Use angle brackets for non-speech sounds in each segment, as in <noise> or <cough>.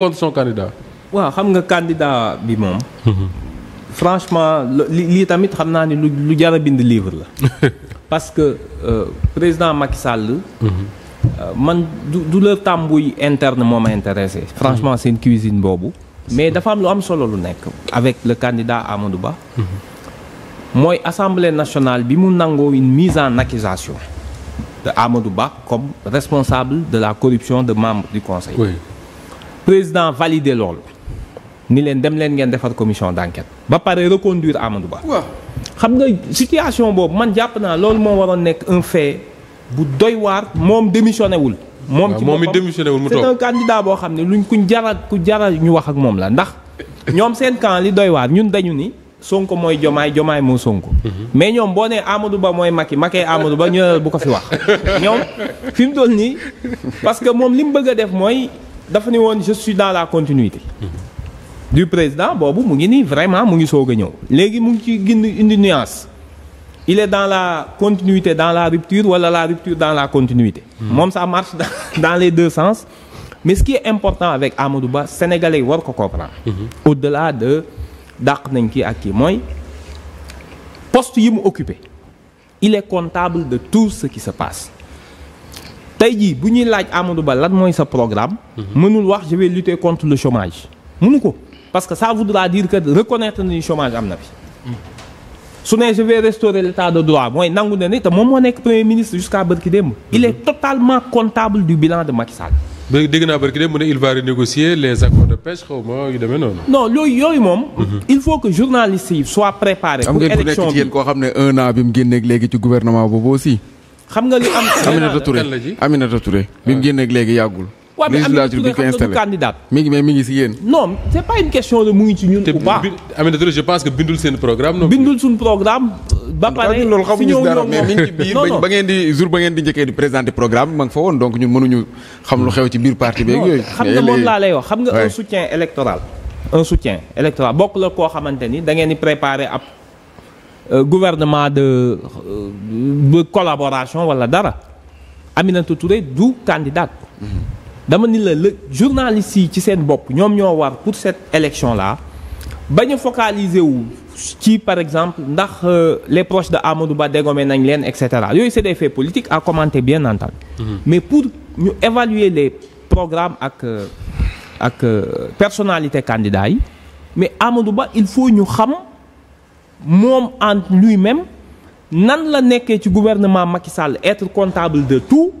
contre son candidat. waaw xam nga candidat bi moom. franchement li lii tamit xam naa ni lu lu jar a bind livre la. <laughs> parce que euh, président Macky Sall. Euh, man du du la tàmbuy interne moom ma intéressé. franchement seen cuisine boobu. mais dafa am lu am solo lu nekk. avec le candidat Amadou Ba. mooy assemblée nationale bi mu nangoo une mise en accusation de Amadou Ba comme responsable de la corruption de membres du conseil. président validé loolu ni leen dem leen ngeen defar commission d'enquête ba pare reconduire Amadou Ba. waaw xam nga situation boobu man jàpp naa loolu moo waroon nekk un fait bu doy waar moom démissionné wul. moom ci moom mi démissionné wul mu toog c'est un candidat boo xam ne luñ kuñ jara ku jara ñu wax ak moom la ndax ñoom seen camp doy waar ñun dañu ni. Sonko mooy Jomaay Jomaay moo Sonko. Mhm. mais ñoom boo nee Amadou Ba mooy Macky Macky Amadou Ba ñu bu ko fi wax <laughs> ñoom fi mu nii parce moom li mu bëgg a def mooy. dafa ni woon je dans la continuité du président boobu mu ngi nii vraiment mu ngi soog a ñëw léegi mu ngi ci ginn indi il est dans la continuité dans la rupture wala la rupture dans la continuité hmm. moom ça marche <laughs> dans les deux sens mais ce qui est important avec Amadou Ba sénégalais yi war ko comprendre hmm. au delà de dàq nañ kii ak kii mooy post yi mu occupé il est comptable de tout ce qui sa passe tey jii bu ñuy laaj Amadou Ba lan mooy sa programme. mënul wax je vais lutter contre le chômage. mënu ko parce que ça voudra dire que reconnaître nañu chômage am na fi. su ne je restaurer l' état de droit mooy nangu na ni te moom moo nekk premier ministre jusqu'à bërki démb. il est totalement comptable du bilan de Macky Sall. dégg naa barki dem mu ne il va renégocier les accords de pêche xaw yu demee noonu. non loolu yooyu moom. il faut que journalistes yi soient préparés. pour élection koo xam ne un an léegi ci gouvernement boobu aussi. xam nga li am. <coughs> Aminata Touré Aminata Touré. bi mu génneeg léegi yàggul. législature bi ngi mais mi ngi si yéen. non c' pas une question de mu ngi ci ñun. ou pas Aminata Touré je pense que bindul seen programme. bindul suñu programme. ba pare si ñëw ñoom di jour ba ngeen di njëkkee di présenter programme ma nga fa woon donc ñun mënuñu xam lu xew ci biir parti beeg yooyu. xam nga moom laa lay xam nga un soutien électoral. un soutien électoral bokk la koo xamante ni da ngeen di préparer ab Euh, gouvernement de euh, de collaboration wala dara Aminata Touré du candidate. dama ni la le journaliste yi ci seen bopp ñoom ñoo war pour cette élection là bañ a focaliser wu ci par exemple ndax euh, les proches de Amadou Ba dégommé nañ leen et cetera yooyu c'est des faits politiques à commenter bien entendu. Mhm. mais pour ñu évaluer les programme ak ak personnalité candidats mais Amadou il faut ñu xam. moom en luy même nan la nekkee ci gouvernement Macky Sall être comptable de tout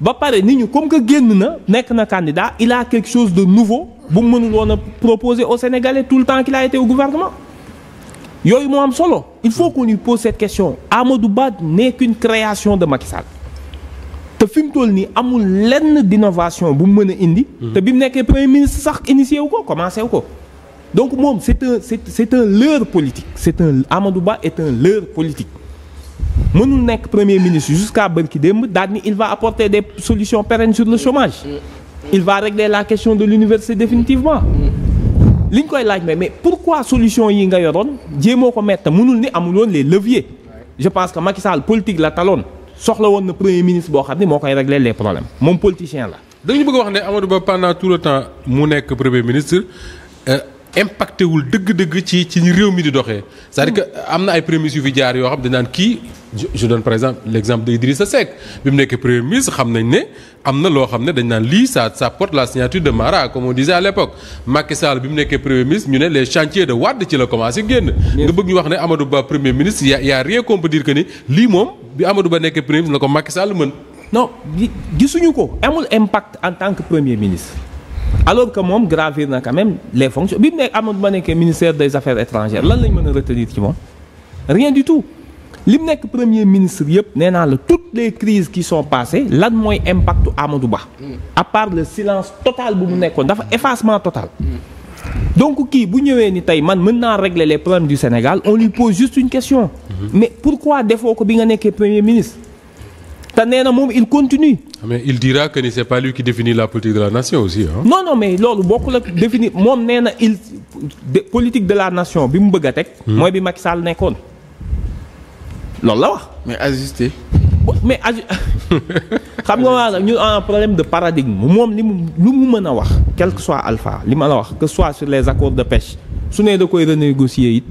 ba pare nit ñu comme que génn na nekk na candidat il a quelque chose de nouveau bu mu mënul woon a proposer aux Sénégalais tout le temps qu'il a été au gouvernement yooyu moo am solo il faut que lui pose cette question Amadou Ba n'est qu'une création de Macky te fi mu toll nii amul lenn d'innovation bu mu mën a indi mm-hmm. te bi mu nekkee premier ministre sax initié wu ko commencé wu ko donc moom c'est un c'est c'est un leurre politique c'est un Amadou Ba est un leurre politique mënul nekk premier ministre jusqu'à bërki démb daal ni il va apporter des solutions pérennes sur le chômage il va régler la question de l'université définitivement li ñu koy laaj mais mais pourquoi solution yi nga yoroon jéemoo ko mettre mënul ni amul woon les leviers je pense que Macky Sall politique la taloon soxla woon na premier ministre boo xam ne moo koy régler les problèmes moom politicien la dañu bëgg wax ne Amadou Ba pendant tout le temps mu nekk premier ministre euh, impacté wul dëgg-dëgg ci ci réew mi di doxee c'est-à-dire que am na ay prémices yu fi jaar yoo xam dañ naan kii je donne par exemple l'exemple de Idrissa Seck bi mu nekk premier ministre xam nañ ne am na loo xam ne dañ naan lii ça ça porte la signature de Mara comme on disait à l'époque Macky bi mu nekkee premier ministre ñu ne les chantiers de Wade ci la commencé génn nga bëgg ñu wax ne Amadou Ba premier ministre y a y rien qu'on peut ni lii moom bi Amadou Ba nekkee premier ministre la ko Macky Sall mën gisuñu ko amul impact en tant que premier ministre alors que moom gravir na quand même les fonctions bi mu nekk Amadou Ba nekkee ministère des affaires étrangères lan lañ mën a retenir ci moom rien du tout li mu nekk premier ministre yëpp nee naa le toutes les crises qui sont passées lan mooy impactu Amadou Ba à part le silence total bu mu nekkoon dafa effacement total donc kii bu ñëwee ni tey man mën naa régler les problèmes du Sénégal on lui pose juste une question mais pourquoi defoo ko bi nga nekkee premier ministre te nee na moom il continue. Ah, mais il dira que ni c'est pas lui qui définit la politique de la nation aussi hein? non non mais loolu bokkul ak définir moom nee na il politique de la nation bi mu bëgg a teg. Hmm. mooy bi Macky Sall nekkoon loolu la wax. mais ajusté. mais aju <laughs> xam nga maanaam ñu en problème de paradigme moom li mu lu mu mën a wax quel que soit alpha li ma la wax que soit sur les accords de pêche su ne da koy renégocier it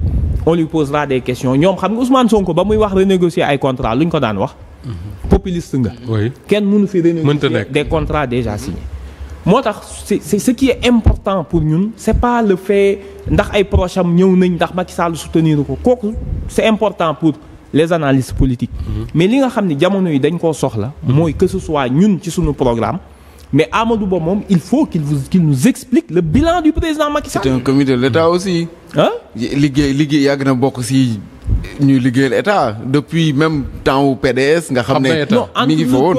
on lui posera des questions ñoom xam nga Ousmane Sonko ba muy wax renégocier ay contrat lu ñu ko daan wax. populiste nga. Mm-hmm. oui kenn mënu fi renégocier des contrats déjà signés. moo tax c'est ce qui est important pour ñun c'est pas le fait ndax ay proches am ñëw nañ ndax Macky Sall soutenir ko kooku c'est important pour les analystes politiques. Mm-hmm. mais li nga xam ne jamono yi dañ koo soxla. Mm-hmm. mooy que ce soit ñun ci suñu programme. mais Amadou Ba moom il faut qu'il vous nous explique le bilan du président Macky Sall. c'est a comité de l'État aussi. ah liggéey liggéey yàgg na bokk si. ñuy liggéeyal état depuis même temps wu PDS nga xam ne mi ngi fa woon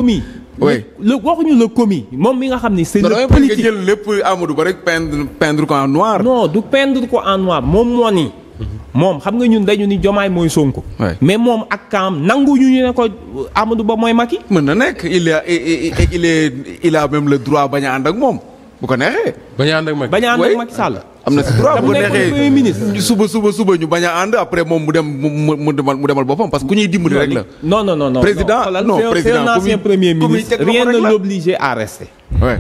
oui le waxuñu le commis moom mi nga xam ni c'est le politique lépp Amadou Ba rek peindre pendre ko en noir non du peindre ko en noir moom moo ni moom xam nga ñun dañu ni jomaay mooy Sonko mais moom ak kaam nangu ñu ñu ne ko euh, Amadou Ba mooy Macky mën na nekk il a il est il a le droit bañ ànd ak moom bu ko neexee bañ a ànd ak Macky bañ ànd ak Macky Sall am na si droit bu ko neexee suba suba suba ñu bañ a ànd après moom mu dem mu demal mu demal boppam parce que ku ñuy dimbali rek la. non non non non président non président c'est un ancien premier ministre rien ne l'oblige à rester. oui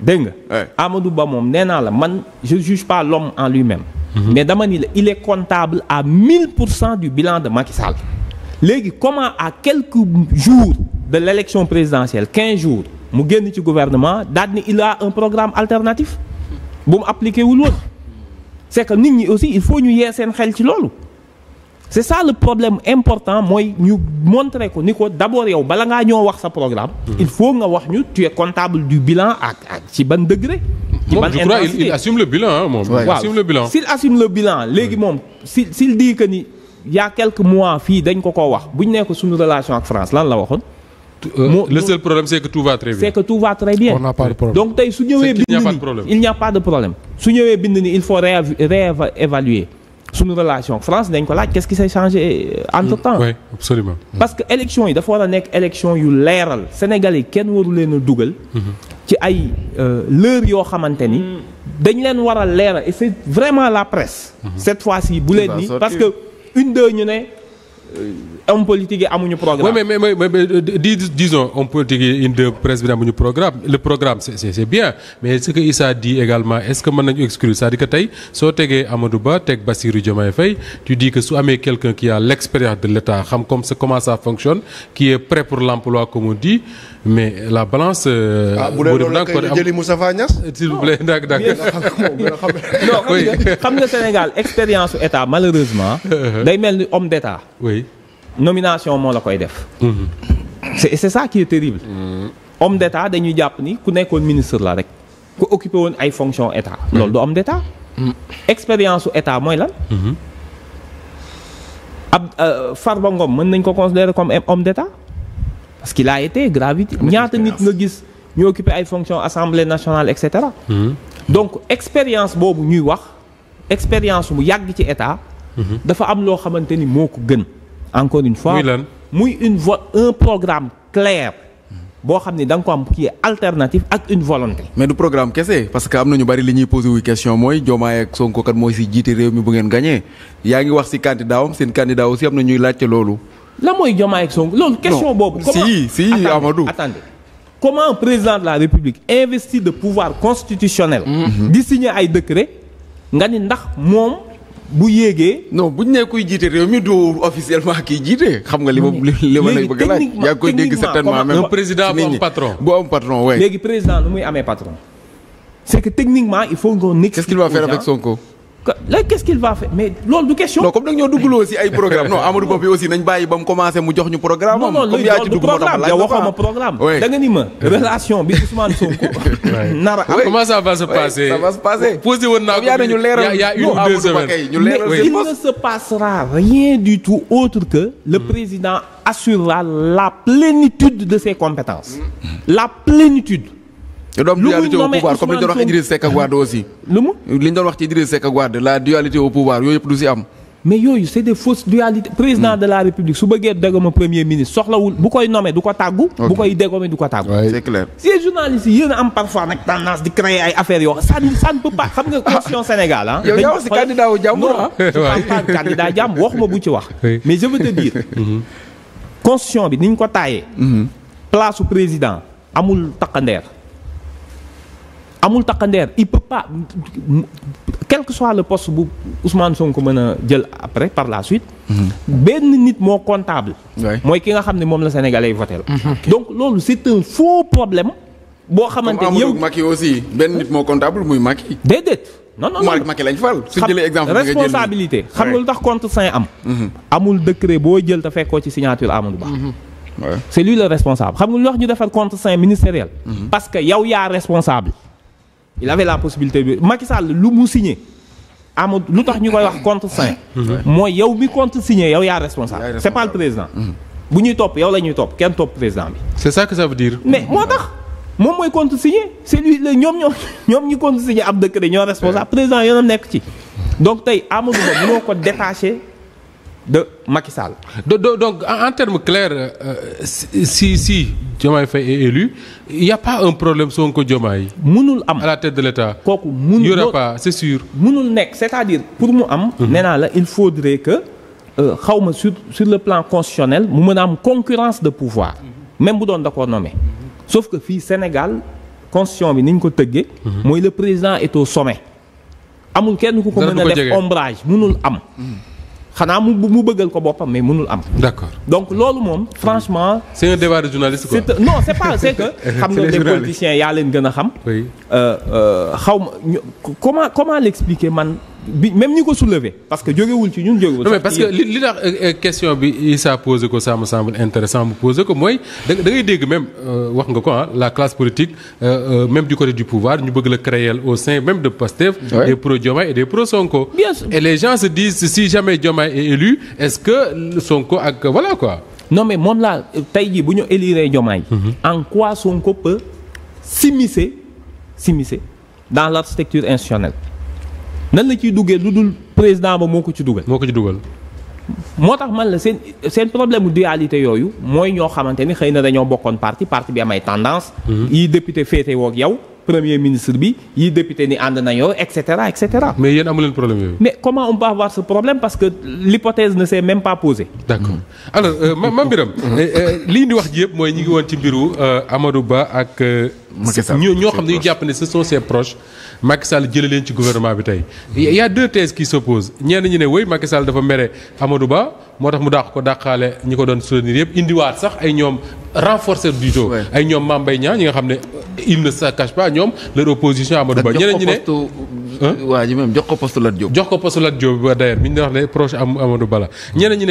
dégg nga. Amadou Ba moom nee naa la man je juge pas l'homme en lui-même. Mhm. mais dama ni la il est comptable à 1000 pour cent du bilan de Macky Sall. léegi comment à quelques jours de l'élection présidentielle 15 jours mu génn ci gouvernement daal ni il a un programme alternatif bu mu appliqué wul woon. c'est que nit ñi aussi il faut ñu yee seen xel ci loolu c'est ça le problème important mooy ñu montre ko ni ko d'abord yow bala ngaa ñoo wax sa programme. Mm-hmm. il faut nga wax ñu tu comptable du bilan ak ak ci ban degré. ci ban intensité moom je crois le bilan moom. waaw assume bilan assume le bilan léegi moom si s'il dit que ni y a mois fii dañ ko ko wax bu ñu nekk suñu relation ak France lan la waxoon. Euh, le seul problème c'est que tout va très bien. que tout va très bien. on n'a pas de problème donc tey su ñëwee. bind ni il n'y a pas de problème. su ñëwee bind ni il faut réévaluer suñu relation France dañ ko laaj qu'est-ce qui s'est changé euh, entre temps. Mm. parce que élection yi dafa war a nekk élection yu leeral Sénégal yi kenn waru leen a dugal. Mm-hmm. ci ay euh, lëër yoo xamante ni. Mm. dañ leen war a leeral et c'est vraiment la presse. Mm-hmm. cette fois-ci bu leen ni parce que une deux ñu ne. Euh, homme politique yi amuñu programme. oui mais mais mais, mais dis, disons homme politique yi indi le programme c' est bien mais ce que Issa dit également est ce que mën nañu exclure c' est à dire que tey soo tegee Amadou Ba teg Bassirou Diomaye Faye tu dis que su amee quelqu' un qui a l' expérience de l' état xam comme ça comment ça fonctionne qui est prêt pour l' emploi comme on mais la balance. Euh, ah bu dee loolu kay nga jëli Moustapha Niass. s'il vous plaît nag nag. non xam nga Sénégal expérience su état malheureusement. <laughs> day mel ni homme d' nomination moo la koy def. Mhm. c'est c'est ça qui est terrible. Mhm. homme d'état dañuy jàpp ni ku nekkoon ministre la rek ku occupé woon ay fonctions état. Mhm. loolu du homme d'état. expérience su état mooy lan. ab euh, Farba Ngom mën nañ ko considérer comme homme d'état parce qu'il a été gravité ñaata nit nga gis ñu occupé ay fonctions assemblée nationale et cetera. donc expérience boobu ñuy wax expérience bu yàgg ci état. dafa am loo xamante ni moo ko gën. encore une fois. muy une vo un programme clair. boo xam ne da nga ko am kii alternative ak une volonté. mais du programme kese parce que am na ñu bari li ñuy posé wu question mooy Diomaye ak Sonko kat mooy si jiite réew mi bu ngeen gagné yaa ngi wax si candidat am seen candidat si am na ñuy laajte loolu. la mooy Diomaye ak Sonko loolu question boobu. comment si si Amadou attendez comment président de la République investi de pouvoir constitutionnel. Mhm. di signer ay décret nga ni ndax moom. bu yéegee. non bu ñu nee kuy jiite réew mi du officiellement kii jiite xam nga li ma li ma lay a laaj. yaa koy dégg certainement même président bu am patron. bu am patron waaye. léegi président lu muy amee patron. c'est que techniquement il faut qu'on explique. qu'est-ce qu'il va faire avec Sonko léegi qu'est-ce qu'il va faire mais loolu du question. non comme da nga ñoo duggloo si ay programme non Amadou Ba bi aussi nañ bàyyi ba mu commencé mu jox ñu programme. non non loolu du programme yow waxoo ma programme. da nga ni ma <laughs> relation bi Ousmane Sonko. <laughs> nara comment ça va se passer. ça va se passer posé woon naa ko il y a une ou deux semaines mais il ne se passera rien du tout autre que le mm. président assurera la plénitude de ses compétences. Mm. la plénitude. lu mu nommé Ousmane Sonko comme li ñu doon wax Idriss Seck ak Wade aussi. lu mu li ñu doon wax ci Idriss Seck ak Wade la dualité au pouvoir yooyu yëpp du si am. mais yooyu c'est des fausses dualités. président hmm. de la république su bëggee dégoma premier ministre soxlawul bu koy nommé du ko tàggu. bu koy dégomé du ko tàggu. c'est clair si journalistes yi yéen a am parfois nag tendance di créer ay affaires yoo xam ça ça ne peut pas xam nga constitution Sénégal ah. yow yaa wax si candidat wu jàmm ah. waaw candidat jàmm waxuma bu ci wax. mais je veux te dire. <laughs> Mhm. constitution bi ni ñu ko taayee. Mhm. place su président amul takkandeer. amul takkandeer il peut pas quel que soit le post bu Ousmane Sonko mën a jël après par la suite. Mhm. benn nit moo comptable. mooy ki nga xam ne moom la sénégalais yi voté mhm. donc loolu c'est un faux problème. boo xamante ni yow Macky aussi benn nit moo comptable muy de déedéet no non non Macky lañ fal. suñ jëlee exemple responsabilité xam nga lu tax compte sain am. Mhm. amul décret boo jël te fekkoo ci signature Amadou Ba. c'est lui le responsable xam nga ñu defar compte sain ministériel. parce que yow yaa responsable. il avait la bi Macky Sall lu mu signé amul lu tax ñu koy wax contre saint mooy yow mi conte signé yow yaa responsable c'est pas le président mhm. bu ñuy topp yow la ñuy topp kenn topp président bi c'est ça que ça veut dire mais moo tax moom mooy contre signé c'est lui la ñoom ñoo ñoom ñu contre signé ab décret ñoo responsable président yoonam nekk ci donc tey Amadou Ba mënoo ko détaché de Macky Sall donc en termes clairs euh, si si Diomaye Faye est élu il y a pas un problème Sonko Diomaye munul am à la tête de l'État kooku munul y aura munul nekk c'est-à-dire pour mu am mhm. nee naa la il faudrait que euh, xaw ma sur sur le plan constitutionnel mu mën a am concurrence de pouvoir mhm. même bu doon da koo nommé mhm. sauf que fii Sénégal constitution bi ni ñu ko tëggee mooy le président est sommet amul kenn ku ko mën def ombrage munul am xanaa mu mu bëggal ko boppam mais mënul am. d'accord donc loolu moom franchement. c'est un débat de journaliste non c'est pas c'est que. <laughs> xam nga les politiciens yaa leen gën a xam. oui euh, euh, xaw ma comment comment l'expliquer man. bi même ñi ko soulever parce que jógewul ci ñun jógewul. mais parce que li li tax euh, euh, question bi Issa posé ko ça me semble intéressant mu posé ko mooy da ngay dégg même euh, wax nga ko ah la classe politique même du côté du pouvoir ñu bëgg la créer au sein même de Pastef. des pro Diomaye et des pro et les gens se si jamais Diomaye est élu est-ce que Sonko ak voilà quoi. no mais moom laa tey jii bu ñu élire Diomaye. Mhm. en quoi Sonko peut s'immiscer simiser dans l'architecture institutionnelle. nan la ciy duggee lu dul président ba moo ko ci dugal. moo ko ci dugal. moo tax man la seen seen problème dualité yooyu mooy ñoo xamante ni xëy na dañoo bokkoon parti parti bi am ay tendance. Mm-hmm. yi député féete woog yow. premier ministre bi yi député ni ànd na yow et cetera et cetera. mais yéen amu leen problème yooyu. mais comment on peut avoir ce problème parce que l'hypothèse ne s'est même pas posée. d'accord alors euh, Mame Birame mm-hmm. euh, li ñu wax ji yëpp mooy ñi ngi woon ci mbiru euh, Amadou Ba ak. Macky Sall ñoo xam ne ñu jàpp ne ce sont ses proches Macky Sall jëlee leen ci gouvernement bi tey. y a deux thèses qui s'opposent ñenn ñi ne oui Macky Sall dafa mere amadu Ba. moo tax mu dàq ko dàqaale ñi ko doon soutenir yëpp indiwaat sax ay ñoom renforcer du jeu ay ñoom Mame Mbaye Niang ñi nga xam ne il ne se cache ñoom leur opposition Amadou Ba ñeneen ñi ne waa ji jox ko poste Lat Diop jox ko poste Lat Diop d'ailleurs bi ñu wax ne proche am Amadou Ba la ñeneen ne